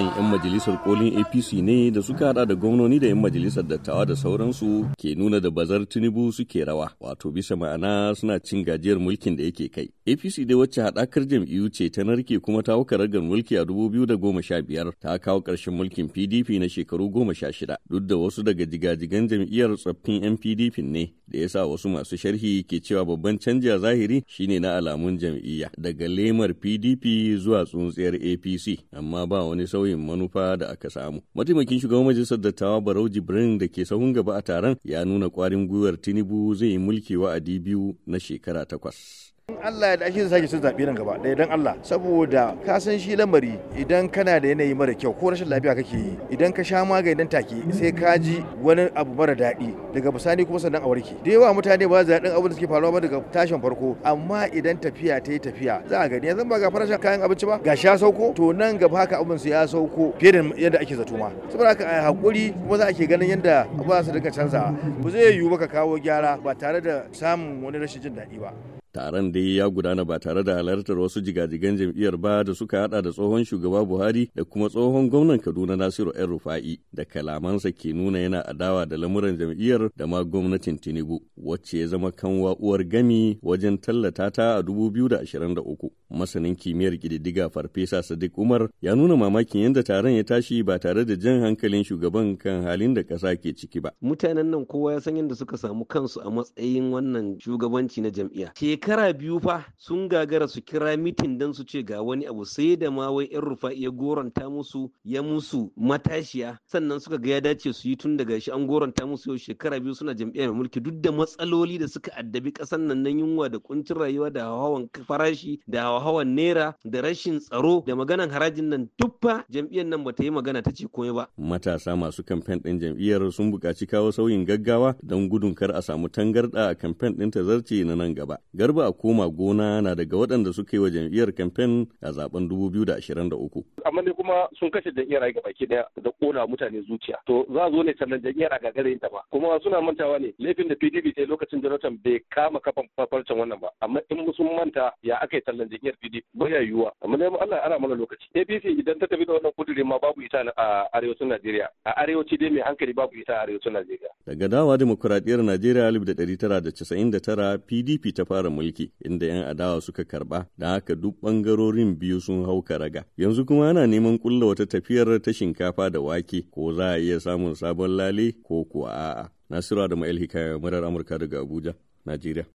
nan 'yan majalisar kolin apc ne da suka hada da gwamnoni da 'yan majalisar dattawa da sauransu ke nuna da bazar tinubu suke rawa wato bisa ma'ana suna cin gajiyar mulkin da yake kai apc dai wacce haɗakar jam'iyyu ce ta narke kuma ta wuka ragar mulki a dubu biyu da sha biyar ta kawo ƙarshen mulkin pdp na shekaru goma sha shida duk da wasu daga jigajigan jam'iyyar tsaffin 'yan pdp ne da ya sa wasu masu sharhi ke cewa babban canji a zahiri shine na alamun jam'iyya daga lemar pdp zuwa tsuntsiyar apc amma ba wani sauyi sauyin manufa da aka samu. Mataimakin shugaban majalisar dattawa Barau Jibrin da ke sahun gaba a taron ya nuna kwarin gwiwar Tinubu zai yi mulki wa'adi biyu na shekara takwas. Allah ya da ake sake sun zaɓi nan gaba ɗaya don Allah saboda ka san shi lamari idan kana da yanayi mara kyau ko rashin lafiya kake yi idan ka sha magani nan take sai ka ji wani abu mara daɗi daga bisani kuma sannan a warke da yawa mutane ba za ɗan abin da suke faruwa ba daga tashin farko amma idan tafiya ta yi tafiya za a gani yanzu ba ga farashin kayan abinci ba ga sha sauko to nan gaba haka abin su ya sauko fiye da yadda ake zato ma saboda haka a hakuri kuma za a ke ganin yadda ba za su dinga canzawa ba zai yiwu ba ka kawo gyara ba tare da samun wani rashin jin daɗi ba Taron dai ya gudana ba tare da halartar wasu jigajigan jam'iyyar ba da suka hada da tsohon shugaba Buhari da kuma tsohon gwamnan Kaduna Nasiru ‘yan Rufa'i da kalamansa ke nuna yana adawa da lamuran jam'iyyar da ma gwamnatin Tinubu, wacce ya zama kanwa uwar gami wajen tallata ta a 2023. masanin kimiyyar ƙididdiga farfesa sadiq umar ya nuna mamakin yadda taron ya tashi ba tare da jan hankalin shugaban kan halin da kasa ke ciki ba mutanen nan kowa ya san yadda suka samu kansu a matsayin wannan shugabanci na jam'iyya shekara biyu fa sun gagara su kira mitin don su ce ga wani abu sai da ma wai yan rufa ya goranta musu ya musu matashiya sannan suka ga ya dace su yi tun daga shi an goranta musu yau shekara biyu suna jam'iyyar mulki duk da matsaloli da suka addabi kasan nan na yunwa da kuncin rayuwa da hawan farashi da hawa Hawan nera da rashin tsaro da maganan harajin nan duffa jam'iyyar nan bata yi magana ta ce komai ba. Matasa masu kamfen ɗin jam'iyyar sun buƙaci kawo sauyin gaggawa don gudun kar a samu tangarɗa a kamfen ɗin ta zarce na nan gaba. Garba a koma gona na daga waɗanda suka yi wa jam'iyyar kamfen a zaben 2023. Amma ne kuma sun kashe jam'iyyar a gabaki ɗaya da ƙona mutane zuciya. To za zo ne sannan jam'iyyar a gagarin ta ba. Kuma suna mantawa ne laifin da PDP ta lokacin Jonathan bai kama kafan farfarcen wannan ba. Amma in sun manta ya aka yi tallan jam'iyyar jam'iyyar PDP ya yiwuwa amma dai Allah ara mana lokaci APC idan ta tafi da wannan kudirin ma babu ita a arewacin Najeriya a arewaci dai mai hankali babu ita a arewacin Najeriya daga dawa demokuraɗiyyar Najeriya 1999 PDP ta fara mulki inda yan adawa suka karba da haka duk bangarorin biyu sun hau karaga yanzu kuma ana neman kulla wata tafiyar ta shinkafa da wake ko za a iya samun sabon lale ko kuwa a'a Nasiru Adamu El Hikaya murar Amurka daga Abuja Najeriya